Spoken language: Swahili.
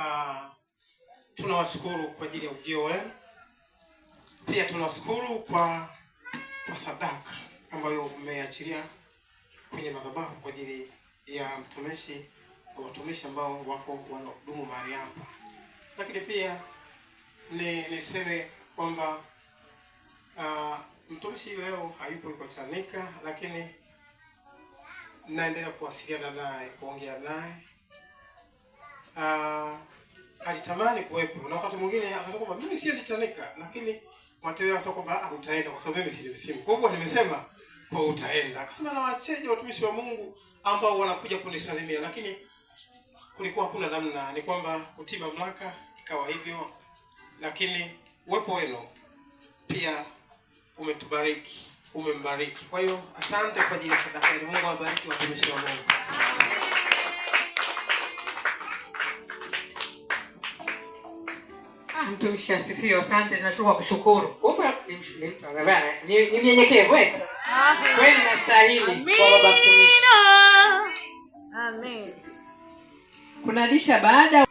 Ah, tunawashukuru kwa ajili ya ujio wenu, pia tunawashukuru kwa kwa sadaka ambayo mmeachilia kwenye madhabahu kwa ajili ya mtumishi wa watumishi ambao wako wanahudumu mahali hapa, lakini pia ni niseme kwamba uh, mtumishi leo hayupo, yuko Chanika, lakini naendelea kuwasiliana naye kuongea naye anatamani kuwepo, na wakati mwingine anasema kwamba mimi sio nitanika, lakini Mateo anasema kwamba ah, utaenda kwa sababu mimi sio msimu. Kwa hivyo nimesema kwa oh, utaenda. Akasema na wacheje watumishi wa Mungu ambao wanakuja kunisalimia, lakini kulikuwa hakuna namna, ni kwamba kutii mamlaka ikawa hivyo, lakini uwepo wenu pia umetubariki, umembariki. Kwa hiyo asante kwa ajili ya sadaka. Mungu awabariki watumishi wa Mungu. Asante. Mtumishi asifiwe. Asante, tunashukuru kushukuru. Kumbe mtumishi ni ni mnyenyekevu eh, kweli na stahili kwa baba mtumishi. Amen. disha baada